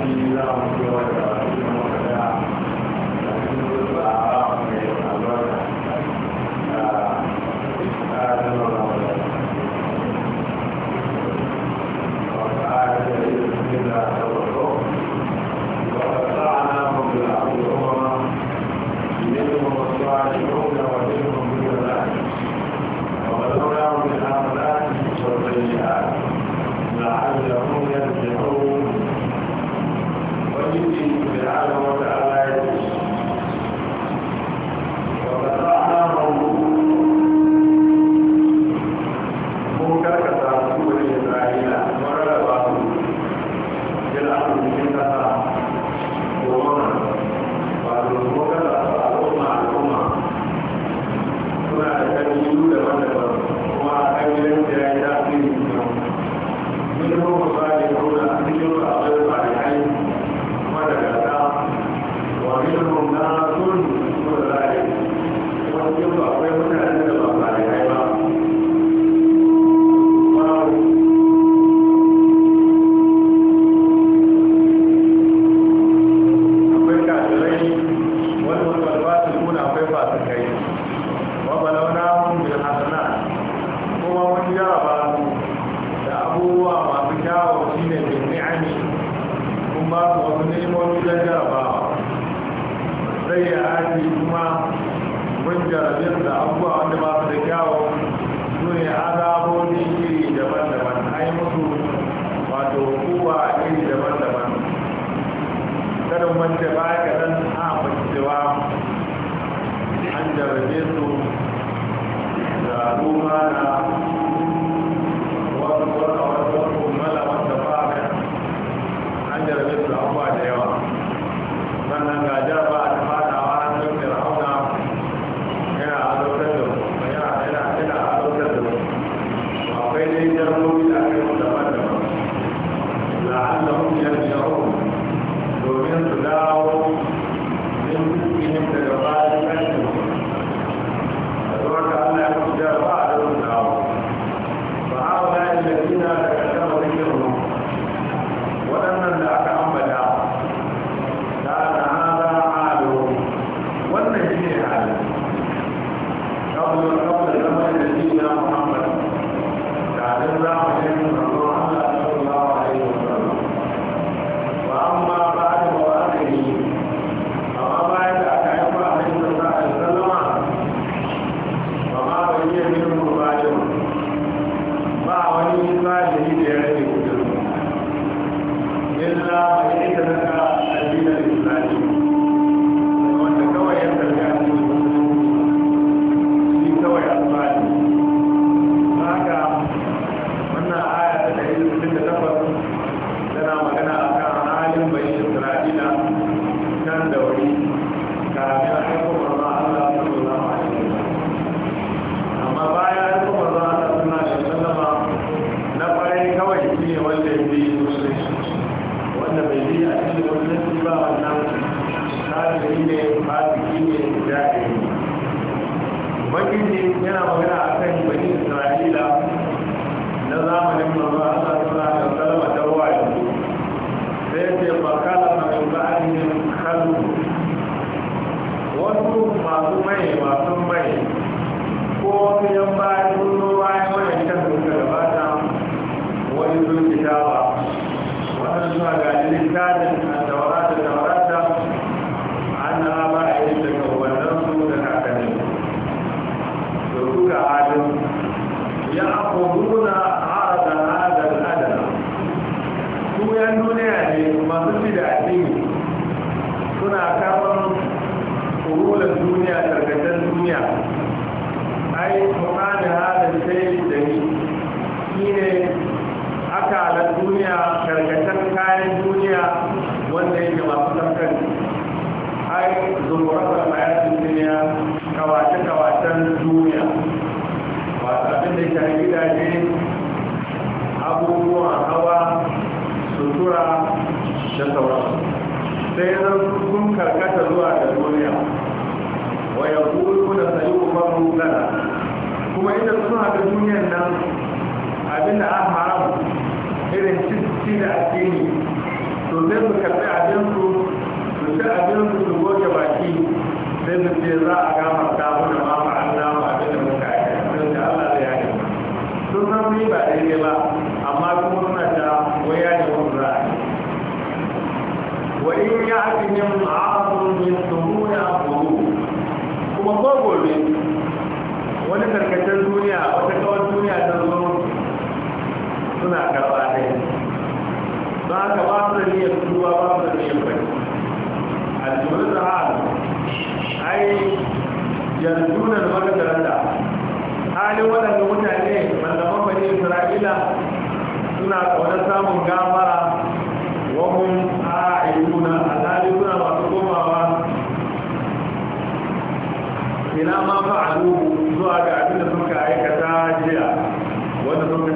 في الله babu abu ni'imomi da jarabawa sai ya ake kuma mun jarabin da abubuwa wanda ba su da kyawu su ne azabobi iri daban-daban ai mutu, wato hukuma iri daban-daban karin wanda ba ya kaɗan a cewa an jarabe su da rumana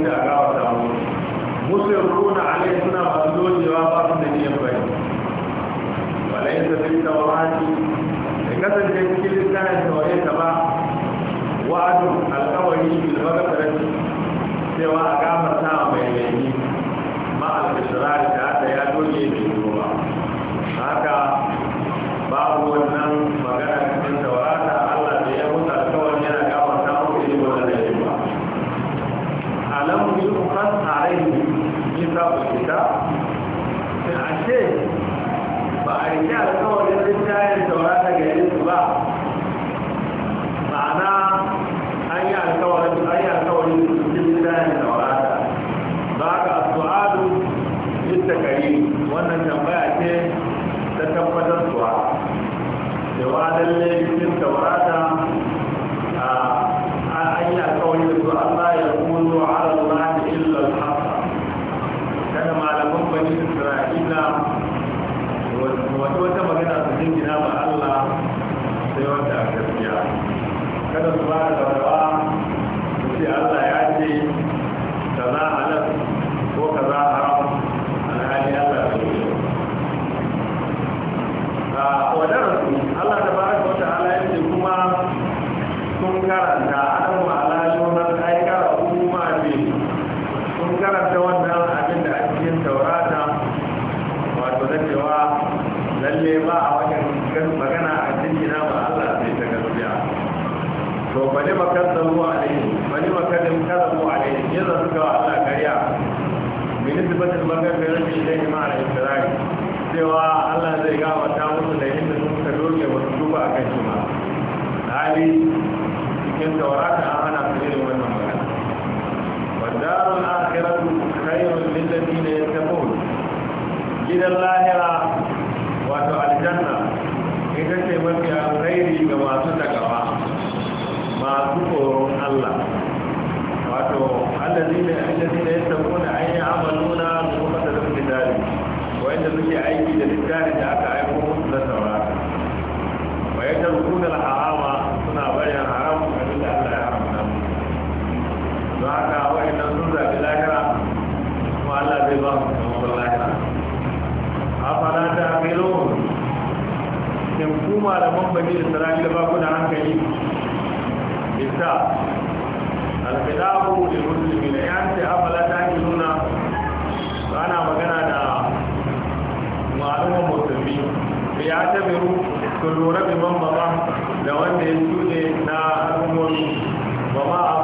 wuce a gawa ta mutu musu rukuna alai suna masu dojewa ba su da niyan bai walai ta da kasance cikin littafin tawaye ta ba wadu alkawari bil cewa a gafarta mai laifi ma bai ji alkawarin littafin taurata gare su ba ma'ana an yi alkawarin an yi alkawarin littafin taurata ba ka su'adu littakari wannan tambaya ce ta tabbatar suwa cewa lallai cada lado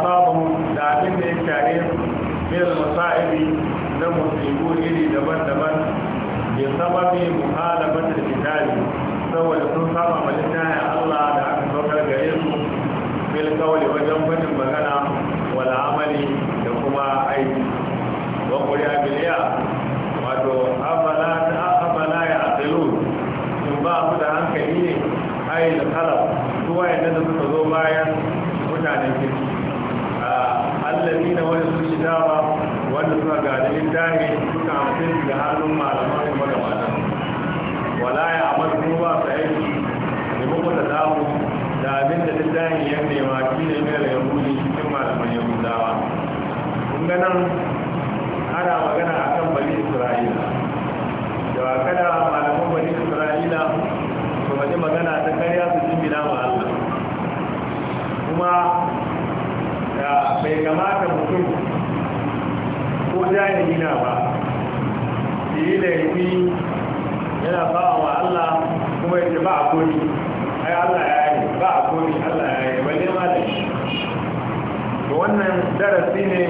asabahu da abin da ya share min al-masa'ibi na musibu iri daban-daban bi sababi muhalafat da kitabi saboda sun saba ma littafin Allah da aka saukar gare su bil qawli wajen wala ya amal kuma sa aiki da kuma ta damu da abin da littafin ya nema shi ne mai da yahudi cikin malaman yahudawa kun ga nan ana magana akan bani isra'ila da kada malaman bani isra'ila su faɗi magana ta karya su jimbina ma allah kuma da bai kamata mutum ko jahili na ba shi laifi. yana ba'a wa Allah kuma ya ce ba a koli ai Allah ya yi ba a koli Allah ya yi balle ma da shi to wannan darasi ne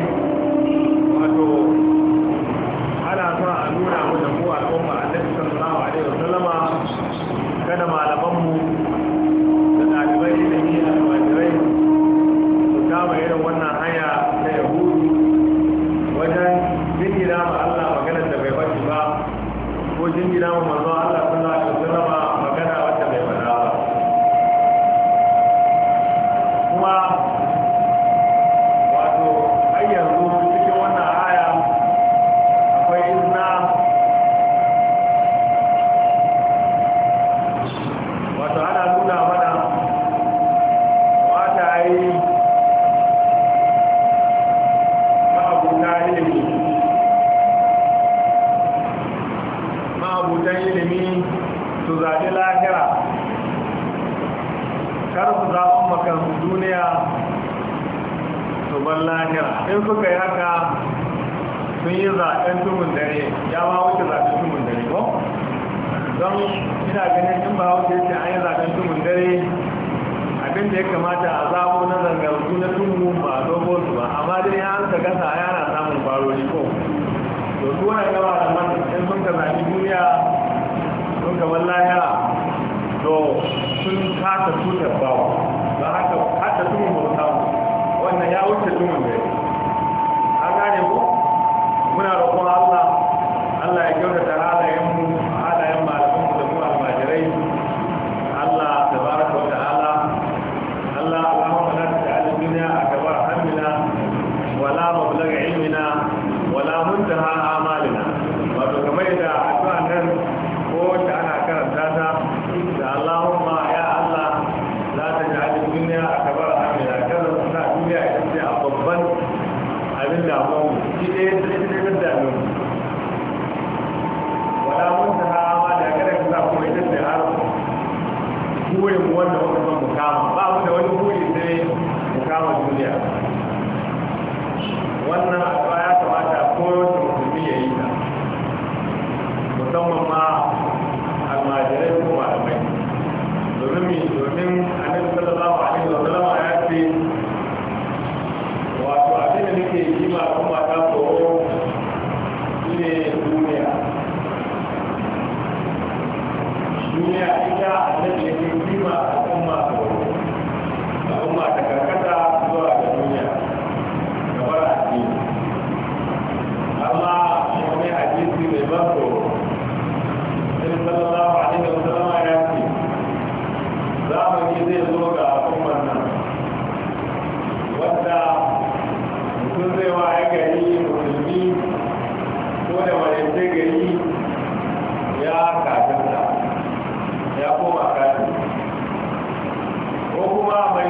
wato ana son a nuna mu da mu al'umma annabi sallallahu alaihi wasallama kada ma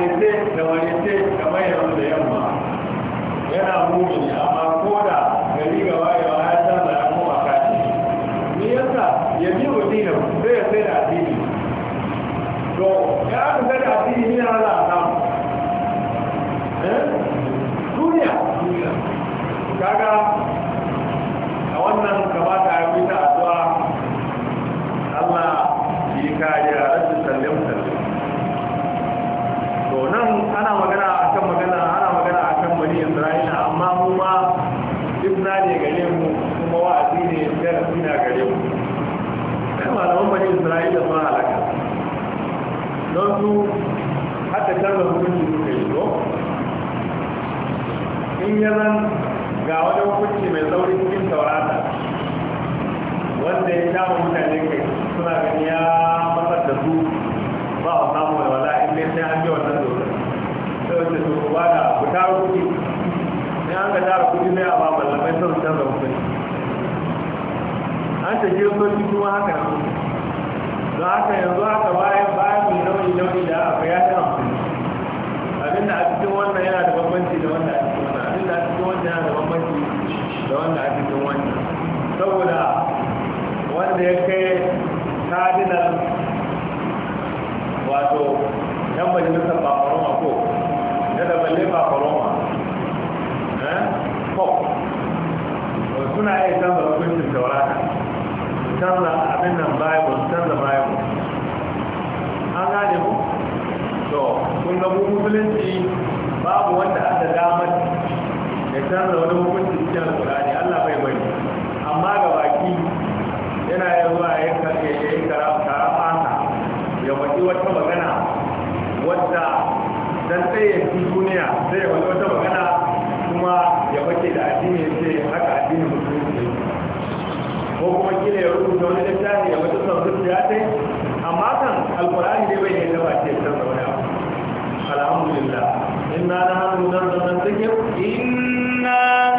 marece da kamar da yamma yana muni amma ko da gari gaba yawa ya canza ya kuma kashi ni yasa ya bi sai ya sai da addini to ya da addini ni samu eh? nan ga wani hukunci mai sauri cikin taurata wanda ya dama mutane kai suna gani ya matsar da su ba a samu da wala in dai sai an bi wannan dole sai wace su ba da ku tara kuɗi sai an ga tara kuɗi mai a ba malamai sun canza hukunci an ta kiristoci kuma haka nan don haka yanzu haka bayan bayan mai nauyi nauyi da aka ya ta hamsin abinda a cikin wannan yana da bambanci da wanda a cikin wanda yana zama bambanci da wanda a cikin wanda saboda wanda ya kai kadinan wato yan majalisar bafaroma ko na da balle bafaroma eh, pop suna iya canza hukuncin taurata canza abin nan bible canza bible an gane ku to kun ga musulunci babu wanda aka damar ya canza wani hukunci cikin alkurani allah bai bari amma ga baki yana yawa ya yi karamata ya faɗi wata magana wadda dan tsaye duniya sai ya faɗi wata magana kuma ya fake da addini ya ce haka addini musulunci ko kuma kila ya rubuta wani littafi ya wata sauran ya ce amma kan alkurani dai bai ne da ba ce canza zaune abu alhamdulillah inna na nahnu nazzalna yi. إِلَّا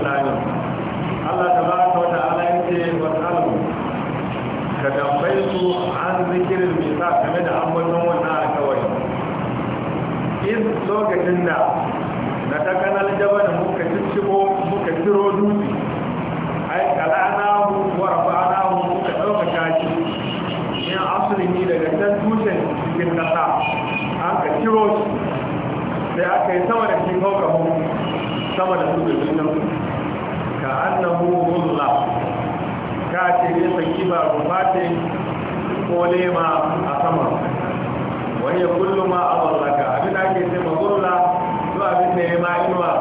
islamin allah ta ba ka wata ala yake wasalu ka tambayi su an zikirin bisa game da ambaton wannan alkawari in lokacin da na ta kanar kanal jabal muka ciccibo muka ciro dutse ai kalana mu wa rafa'ana mu muka dauka shi in asrini daga can dutsen cikin kasa an ka ciro shi sai aka yi sama da shi kawai sama da su da ka'annahu ghulla ka ce ne saki ba rufati ko lema a sama wani kullu ma a abin da ake ce ma gurla zuwa abin da ma inuwa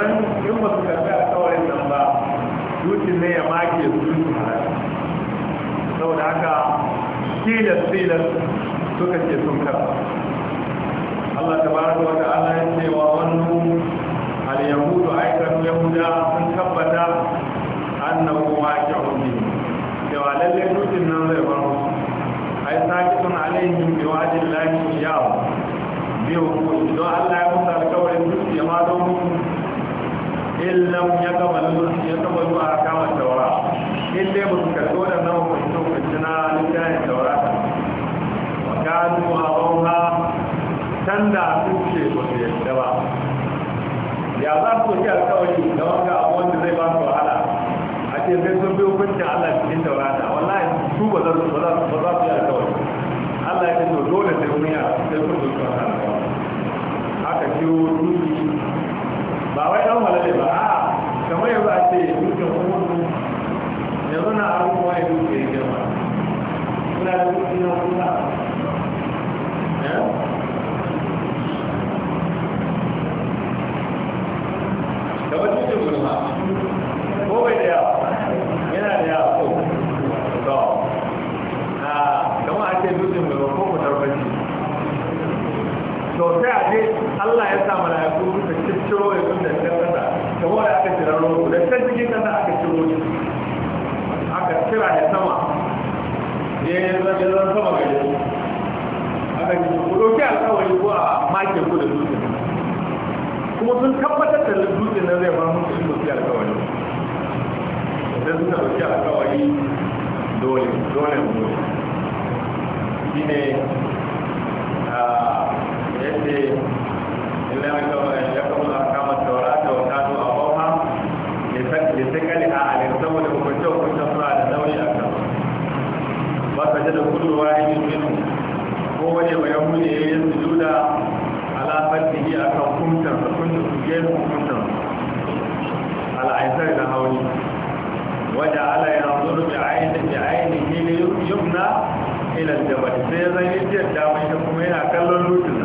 don in ba su karbi alkawarin nan ba dukin ne ya make su su halaka saboda haka tilas tilas suka ce sun karba Allah tabaraka wata ala ya ce wa wannan al-yahudu aikatu yahuda sun tabbata annahu in lam yaqbalu waje kaza aka ciro shi aka cira da sama ne ya zama sama gare shi aka ce ku ɗauki alkawari ko a makin ku da dutse kuma sun tabbatar da dutse na zai ba musu shi ɗauki alkawari sai suna ɗauki alkawari dole dole mu shi ne ah, yadda ilmi ya kama mutakali a alin saboda hukunce hukuncen suna da nauyi a kan ba ka ji da kudu wani yin ko wani mai yahudi ya yi sujuda ala fatihi a kan kumtar da kundin su ke su kumtar al'aisar da hauni wajen ala ya zuru bi ainihin bi ainihin yubna ilal jabal sai zan yi jiyar damar shi kuma yana kallon lutin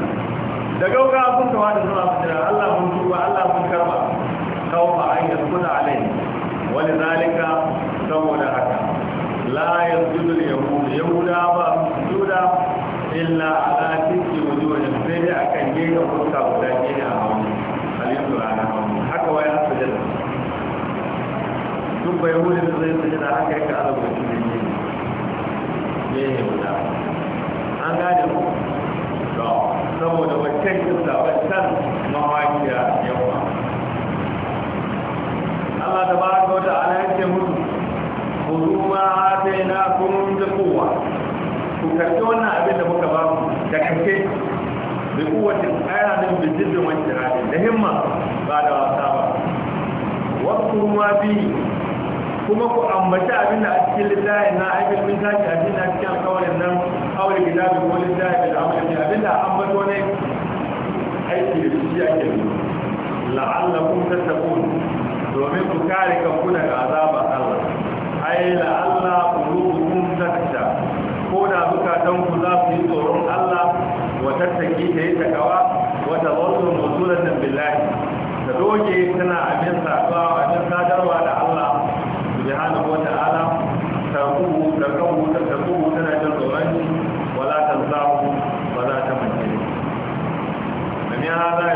da gauka sun kawo da suna su jira allah mun tuba allah mun karba kawo ba an yi suna alai wani zalika saboda haka la ya da yahudu yahuda ba juda illa ala tiki da sai dai akan gefe fuska guda ne a hauni alifu ana hauni haka wai an sujada duk bai hudu da zai sujada haka yake alaƙa shi da ne ne guda an gane ku saboda wancan yin wakil Allah ta ba ka wata ala yake mutu ku ma ta na kunun da kowa ku karɓi wannan abin da muka ba ku da kake da kowace tsaya da bijibin wancan abin da himma ba da wasa ba wasu ma biyu kuma ku ambaci abin da a cikin littafin na aikin min tashi abin da cikin alkawarin nan aure gida bai ko littafin da amurka ne abin da ambato ne aiki da shi ake yi la'allakum tattaqun domin ku kare kanku daga azabar Allah ai la Allah qulubukum takhsha ko da dan ku za su yi tsoron Allah wa tattaki ta yi takawa wa tawassul musulan billahi da doke tana abin sakawa abin sadarwa da Allah subhanahu wa ta'ala ta kubu da kabu da kubu tana jin tsoron wala tanzahu wala tamanni. Amin hada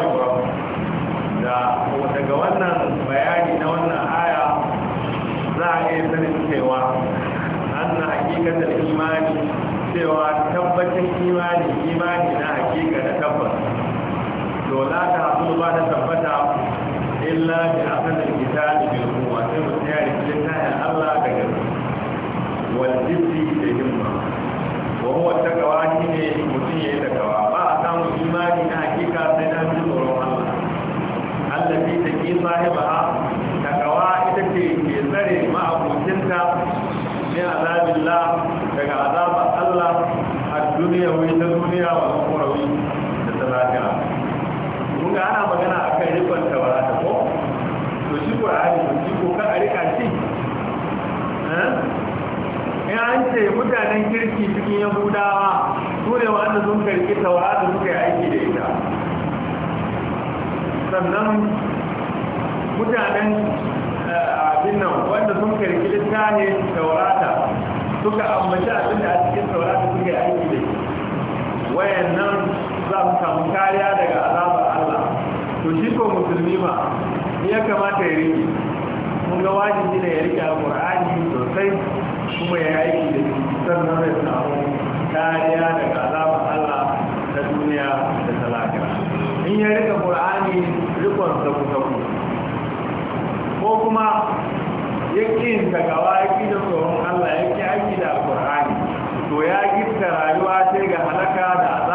cewa tabbacin imani imani na hakika da tabbas to la ta ba ta tabbata illa mutanen kirki cikin yahudawa su ne wanda sun karki taura da suka yi aiki da ita sannan mutanen eh, abin nan wanda sun karki littafin taurata suka ambaci abin da a cikin taurata suka yi aiki da ita wayan nan za su samu kariya daga azabar Allah to shi ko musulmi ma ya kamata ya rike mun ga wajibi ne ya rike alqur'ani sosai kuma ya yi da sannan zai samu kariya kaza ba Allah ta duniya da talaka in ya rika kur'ani rikon sabu sabu ko kuma ya yin tagawa ya da tsoron Allah ya ƙi aiki da kur'ani to ya gifta rayuwa sai ga halaka da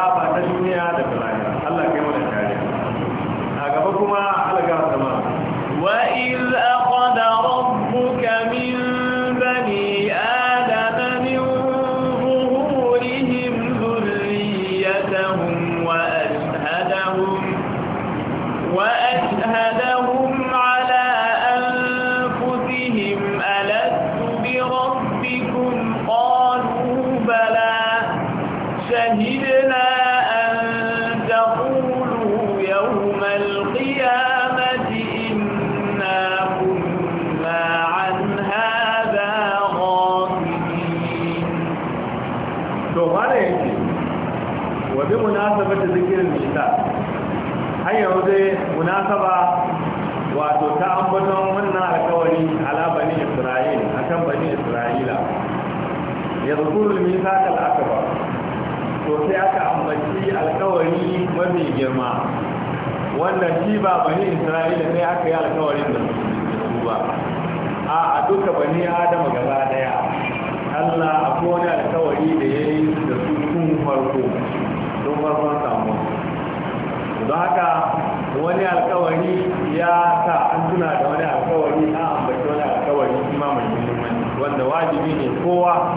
har yau munasaba wato ta ambaton wannan alkawari ala bani isra'il akan bani isra'ila ya zukuru misaq al-akbar to sai aka ambaci alkawari mafi girma wanda shi ba bani isra'ila sai aka yi alkawarin da su ba a duka bani adam gaba daya Allah akwai wani alkawari da ya yi da su tun farko tun farkon don haka wani alkawari ya sa an tuna da wani alkawari an ambaci wani alkawari kuma mai muhimmanci wanda wajibi ne kowa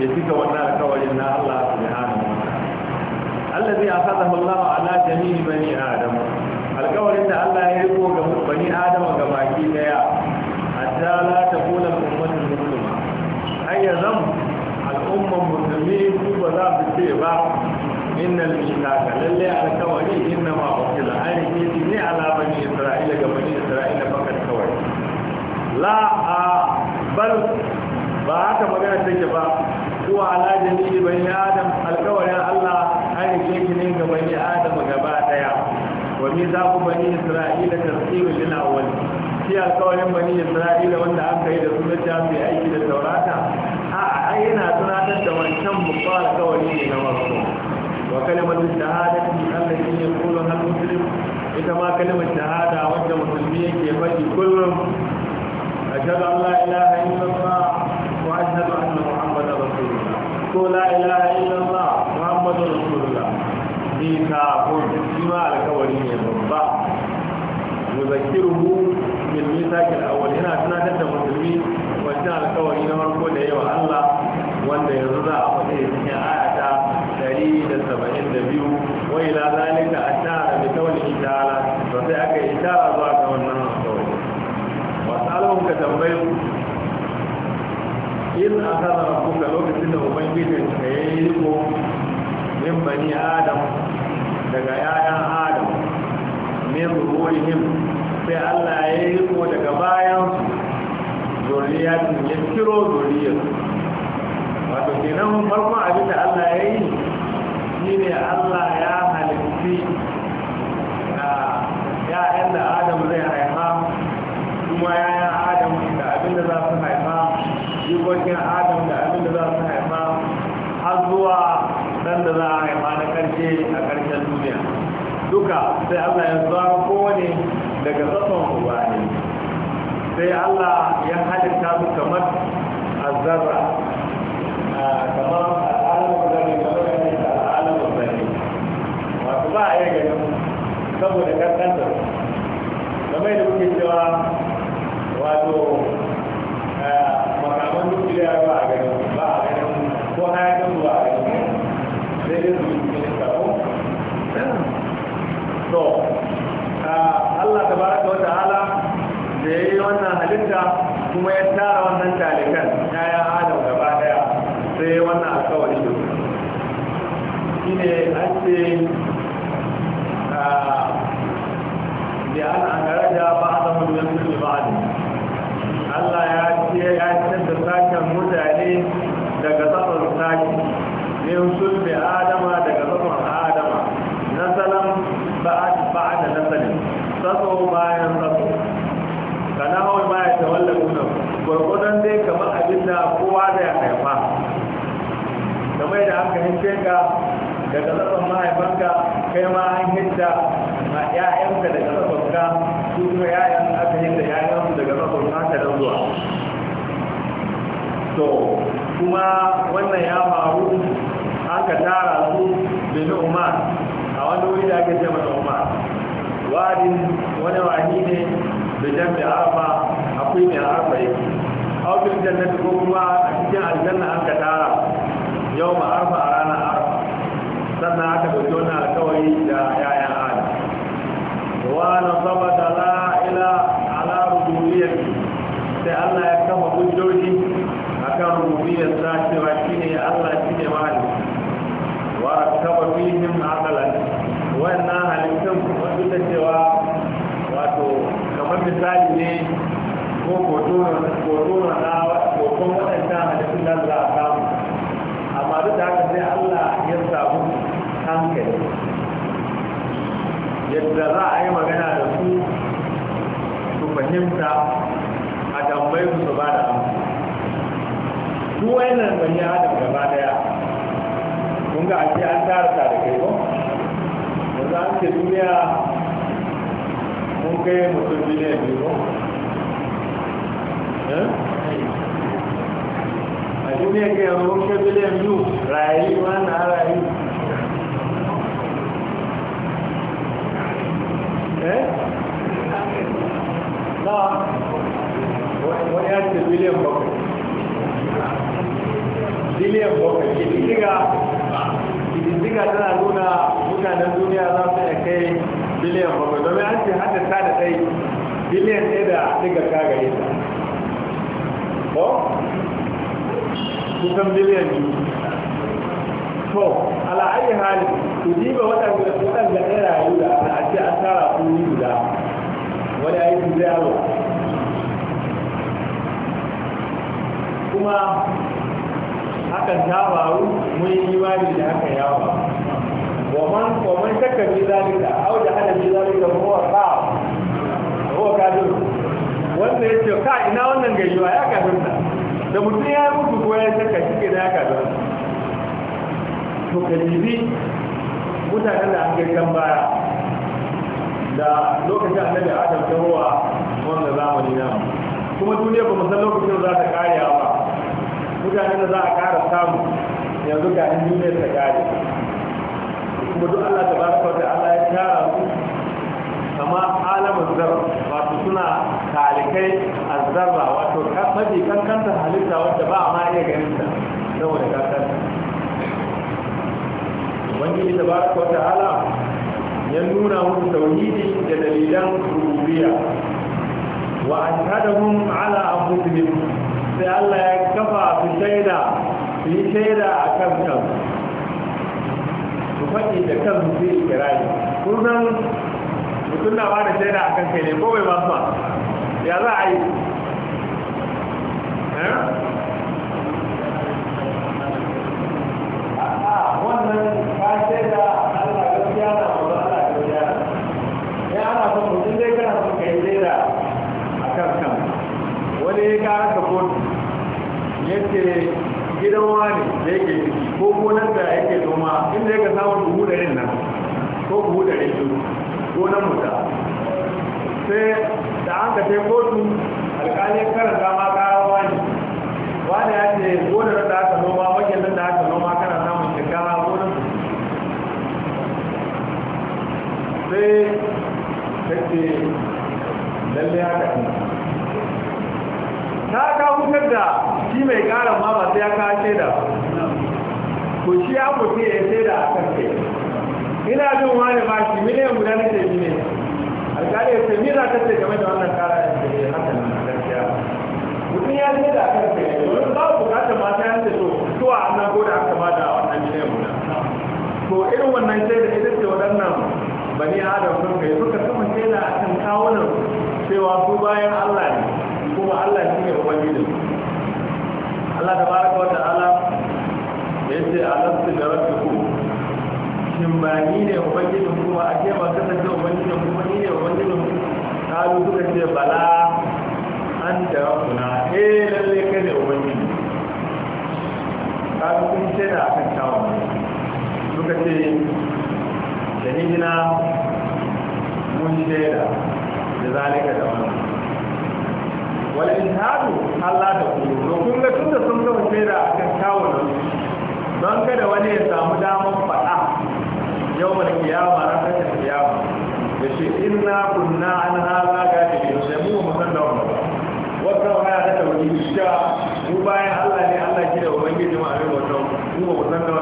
ya cika wani alkawarin na Allah subhanahu wa ta'ala allazi asadahu Allah ala jami'i bani adam alkawarin da Allah ya riko ga bani adam ga baki daya hatta la takuna ummatul muslima ayyazam al'umman musulmi su ba za su ce ba innal mishaka lallai alkawari la a bal ba haka magana take ba kuwa ala jami'i bani adam alkawarin Allah an yi ne ga bani adam gaba daya wa mi za ku bani isra'ila tasdiqu lil awwal shi alkawarin bani isra'ila wanda aka yi da su da jami'i aiki da taurata a a yana tunatar da wancan mutuwa alkawari ne na farko wa Allah shahadati allati yaqulu al muslim ita ma kalimar shahada wanda musulmi yake faɗi kullum واشهد ان لا اله الا الله واشهد ان محمدا رسول الله قول لا اله الا الله محمد رسول الله دي كافر فيما الكوري ne babba yuzakkiruhu bil mithaq al awwal yana tunatar da musulmi wannan alkawari na farko da yawa Allah wanda yanzu za a faɗi cikin ayata 172 wa ila zalika ashara bi tawlihi ta'ala to sai aka ishara zuwa ka tambayi ku in a rabbuka lokacin da ubangijin ka yayi riko min bani adam daga yayan adam min ruhihim sai Allah ya yi riko daga bayan zuriyatin ya kiro zuriyar wato kenan farkon abin da Allah ya yi ne Allah ya halitti ah, ya'yan da Adam zai haifa kuma ya jikokin adam da abin da za su haifa har zuwa dan da za a haifa na karshe a karshen duniya duka sai allah ya zama kowane daga tsakon uba ne sai allah ya halitta su kamar azzarra kamar al'alamun zane kamar yadda al'alamun zane wasu ba a iya ganin saboda kankanta kamar da kuke cewa sai dai su cikin sabo to Allah tabaraka da yayi wannan halitta kuma ya tara wannan talikan ya adam gaba daya sai wannan alkawari da shine an ce da an an garaja ba a zama duniya ba Allah ya ka daga zaɓin mahaifanka kai ma an hinta ma ‘ya'yanka daga ka su kuma ‘ya'yan aka hinta ‘ya'yansu daga zaɓin haka da zuwa to kuma wannan ya faru aka tara su ni umar a wani wuri da ake ce mata umar wadin wani wani ne da jan da arafa akwai mai arafa yake aukin jannatu ko kuma a cikin aljanna aka tara yau ma arafa a ranar sannan aka ɗauki wani alkawari da yayan ala. wa na saba da la'ila ala rububiyar sai allah ya kama hujjoji a kan rububiyar sa cewa shi ne allah shi ne mali wa kaba fihim akalan wannan halittun wasu da cewa wato kamar misali ne ko kotunan na waɗancan halittun da za a samu amma duk da haka yadda za a yi magana da su su fahimta a tambayi su ba da amsa su wayannan bani adam gaba daya kun ga ake an tara ta da kai ko yanzu an ce duniya mun kai mutum biliyan biyu ko eh? a duniya kai a mun kai biliyan biyu rayu wani na rayu Eh? na wani ya ce biliyan bakwai biliyan bakwai kididdiga kididdiga tana nuna mutanen duniya za su iya kai biliyan bakwai domin an ce haddasa da kai biliyan ɗaya da diga kagare ta ko kusan biliyan biyu to ala ayi halin ku diba waɗanda waɗanda ya rayu da a ce an tara kun yi guda wani aiki zai yawa kuma hakan ta faru mun yi imani da hakan ya faru ومن ومن شك da ذلك او جحد في ذلك فهو كافر هو كافر wanda ya ce ka ina wannan gayyuwa ya kafin ta da mutum ya mutu ko ya shakka shi ke da ya kafin to kalibi mutanen da ake kan baya da lokacin annabi adam ta ruwa wanda zamani na kuma duniya ba san lokacin za ta kare ba mutanen da za a kara samu yanzu ga in duniya ta kare kuma duk Allah tabaraka wa Allah ya tara su kama alamun zarra wato suna talikai azzarra wato mafi kankanta halitta wadda ba a ma iya ganin ta saboda kankanta ubangiji tabaraka wa ala ya nuna musu tauhidi da dalilan rububiyya wa ashhadahum ala anfusihim sai Allah ya kafa fi shaida su yi shaida a kan kan faɗi da kan su yi kirari mutum na ba da shaida akan kai ne ko bai ba su ba ya za a yi eh? yake gidan wani da yake ko gonar da yake noma inda yake samun buhu da rin nan ko buhu da rin su gonar mutu sai da an ka sai kotu alkali karanta ma kawo wani wani ya ce gonar da aka noma wajen da aka noma kana samun shekara gonar sai ce lalle haka ta ka hutar da shi mai kara ma ba sai ya kawo shaida ko shi ya mutu ya shaida a kan ina jin wani ba shi miliyan guda na ce ne alƙali ya ce za ta ce game da wannan kara ya ce eh, ya a bukatar to to a annan ko da aka da wannan miliyan guda to kai suka kama shaida a kan kawunan cewa su bayan Allah da baraka wa ala ya ce alastu da ku. shin ba ni ne ubangijin kuma a ce ba kasance ubangijin kuma ni ne ubangijin kalu suka ce bala an da rabbuna eh lalle kai ne ubangiji kalu kun ce da aka tawon suka ce shahidina mun shaida da zalika da wani wala in hadu Allah da kuma kun ga tunda sun gama shaida akan kawunan don kada wani ya samu damar faɗa yau mai kiyama ran kashin kiyama ya ce inna kunna an hala gadi ne sai mu mu san da wannan ba wata wani ta tauhidi da mu bayan Allah ne Allah shi da ubangiji ma abin wannan mu mu san da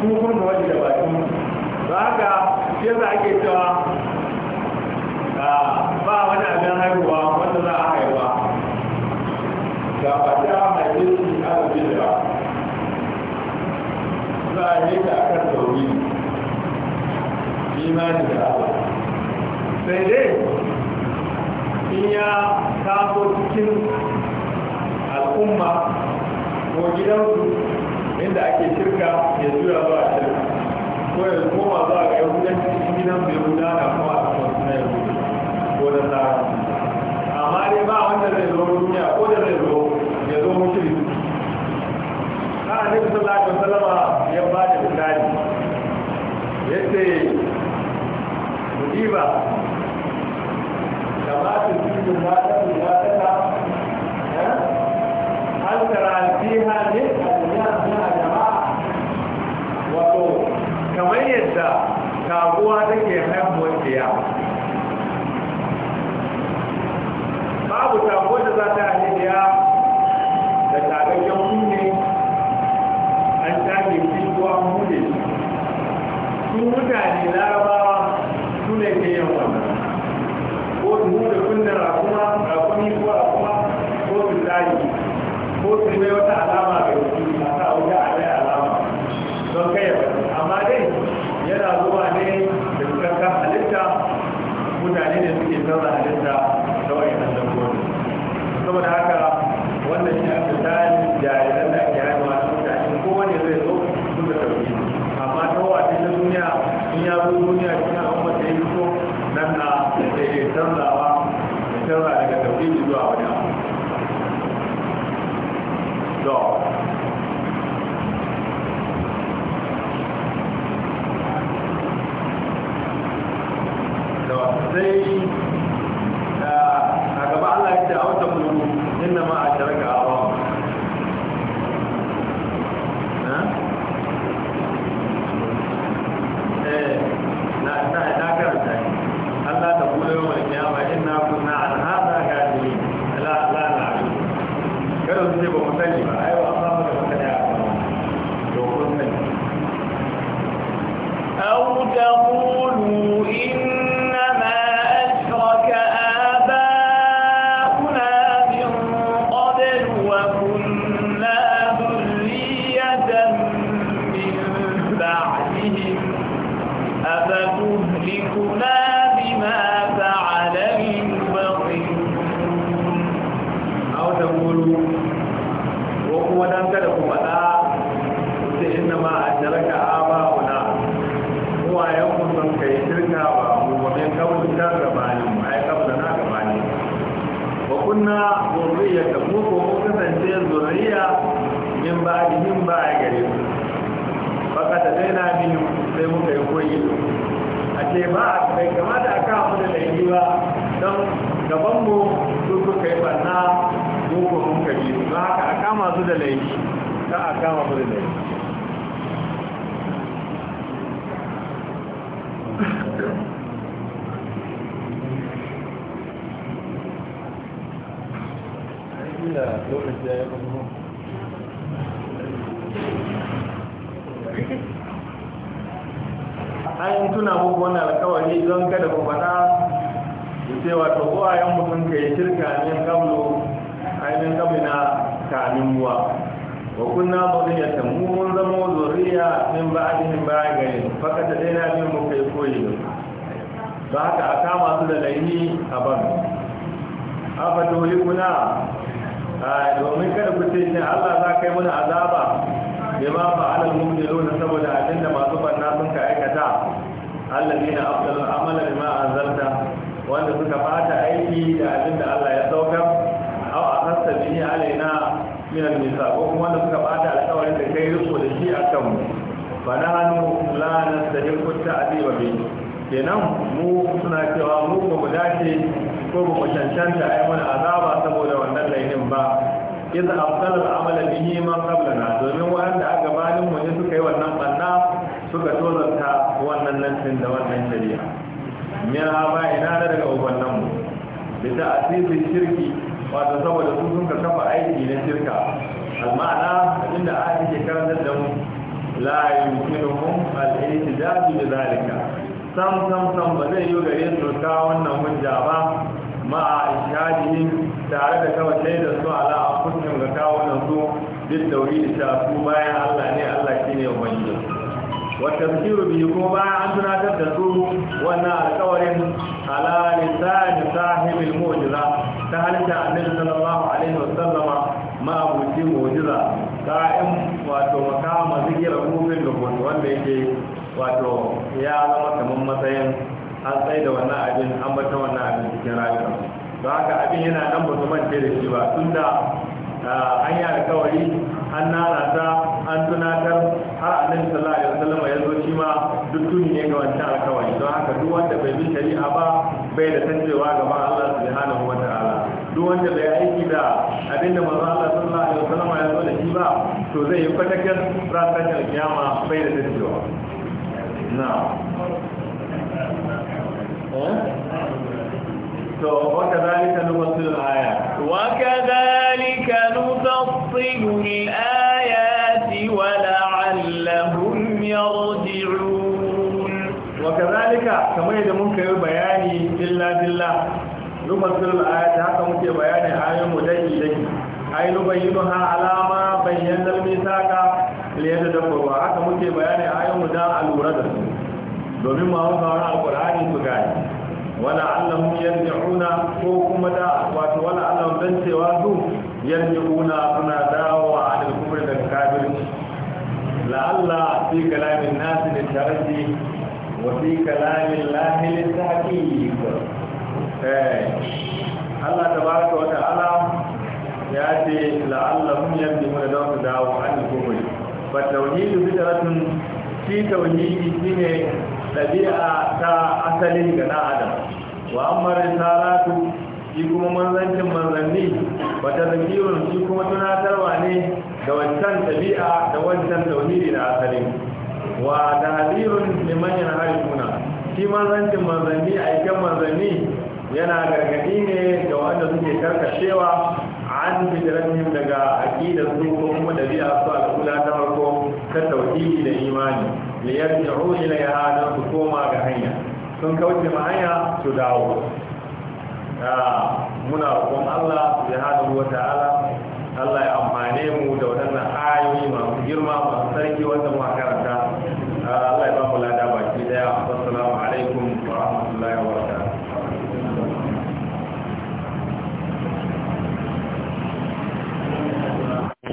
kukun da wajen da bakin ba haka shi za ake cewa ah, ba wani abin haihuwa wanda za a haihuwa ga fata mai jirgin arzikin da za a yi ta kan tauri imani da ba. sai dai in ya taso cikin al'umma ko gidansu inda ake shirka ya zuwa zuwa shirka ko ya koma zuwa ga yahudanci they an tuna muku wannan alkawari don kada ku faɗa ku ce wato 'yan mutum ka yi shirka min kablo ainihin kabina kamin buwa wa kunna zuriyatan mu mun zama zuriya min ba'dihim baya gare faka dai na bin mu kai koyi ba haka a kama su da laini a ban afa kuna domin kada ku ce shin Allah za ka mana azaba bima ba alal mu'minun saboda abinda masu banna sun ka aikata allazina afdalu amala bima anzalta wanda suka fata aiki da abinda Allah ya saukar aw akasta bihi alaina min an-nisa ko kuma wanda suka fata alƙawarin da kai riko da shi kula mu fa nahnu la nastahiqu ta'diba bihi kenan mu suna cewa mu ba mu dace ko ba mu cancanta yi mana azaba saboda wannan laifin ba iza afdal amal bihi man qablana domin wanda a gabanin mu ne suka yi wannan banna suka tozarta wannan lantin da wannan shari'a min ba ina da daga ubannan mu bi ta'asisi shirki wato saboda su sun kafa aiki na shirka al-ma'ana inda a ke karantar da mu la yumkinuhum al su bi zalika. sam sam sam ba zai yi gare su ta wannan hujja ba ma a ishadihim tare da kawai da su ala a kuncin ga kawunan su duk wuri da su bayan Allah ne Allah shi ne ubangiji wa tafsiru biyu kuma bayan an tunatar da su wannan alƙawarin ala lisani sahibil mu'jiza ta halitta annabi sallallahu alaihi wa sallama ma abuci mu'jiza ka'im wato makama zikira kufin da wanda yake wato ya zama kamar matsayin an tsaye da wannan abin an bata wannan abin cikin rayuwa ba haka abin yana nan ba su da shi ba tun da ah, an yi alkawari an nanata an tunatar har nan sallallahu alaihi wasallam ya zo shi ma duk tuni ne ga wancan alkawari don haka duk wanda bai bi shari'a ba bai da tantewa ba Allah subhanahu wa ta'ala duk wanda bai aiki da abinda manzo Allah sallallahu alaihi wasallam ya zo da shi ba to zai yi fatakin ranar kiyama bai da tantewa na'am eh? to wata zalika nufassilul aya wa kadhalika nufassilul ayati wa la'allahum wa kadhalika kamar yadda mun kai bayani billa billa nufassilul ayati haka muke bayani ayoyin mu dai dai ay nubayyinuha alama bayyana al-misaqa liyadabbaru haka muke bayani ayoyin alura da su domin ma wani alkur'ani su gani wala allahum yarji'una ko kuma da wato wala allahum dan cewa su yarji'una suna dawowa a daga da daga kafirci la'alla fi kalamin nasu da taraji wa fi kalamin lahilin tahqiq eh Allah tabaraka wa ta'ala ya ce la'allahum yarji'una da su dawo an kuma fa tauhidu fitratun shi tauhidi shine ɗabi'a ta asalin ga na adam wa amma risalatu shi kuma manzancin manzanni ba ta shi kuma tunatarwa ne da wancan ɗabi'a da wancan tauhidi na asalin wa tahzirun liman yanharifuna shi manzancin manzanni aikan manzanni yana gargadi ne ga wanda suke karkashewa an fi fitratihim daga aƙidar su ko kuma ɗabi'a su kula ta farko ta tauhidi da imani da yadda ruhi na koma ga hanya sun kauce ma hanya su dawo ah, muna kuma Allah subhanahu wa ta'ala Allah ya amfane mu da waɗannan ayoyi masu girma masu sarki wanda makaranta ah, Allah ya ba mu lada baki daya assalamu alaikum wa rahmatullahi wa barakatuh